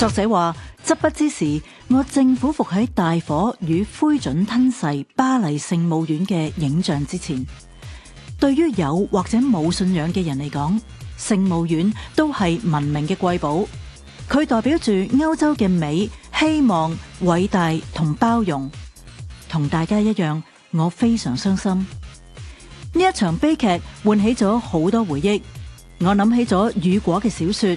作者話：執筆之時，我正俯伏喺大火與灰燼吞噬巴黎聖母院嘅影像之前。對於有或者冇信仰嘅人嚟講，聖母院都係文明嘅瑰寶，佢代表住歐洲嘅美、希望、偉大同包容。同大家一樣，我非常傷心。呢一場悲劇喚起咗好多回憶，我諗起咗雨果嘅小說。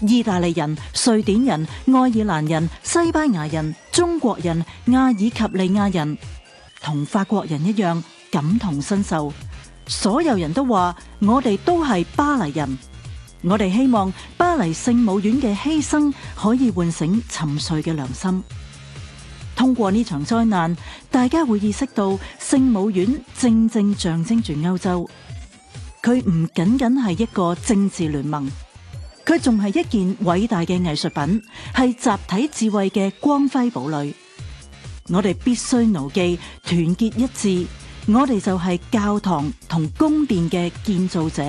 意大利人、瑞典人、愛爾蘭人、西班牙人、中國人、阿爾及利亞人，同法國人一樣感同身受。所有人都話：我哋都係巴黎人。我哋希望巴黎聖母院嘅犧牲可以喚醒沉睡嘅良心。通過呢場災難，大家會意識到聖母院正正象徵住歐洲。佢唔僅僅係一個政治聯盟。佢仲係一件偉大嘅藝術品，係集體智慧嘅光輝堡壘。我哋必須牢記團結一致，我哋就係教堂同宮殿嘅建造者，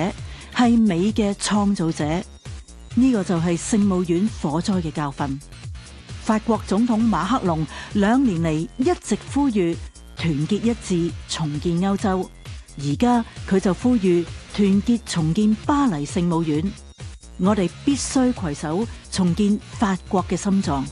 係美嘅創造者。呢個就係聖母院火災嘅教訓。法國總統馬克龍兩年嚟，一直呼籲團結一致重建歐洲，而家佢就呼籲團結重建巴黎聖母院。我哋必須攜手重建法國嘅心臟。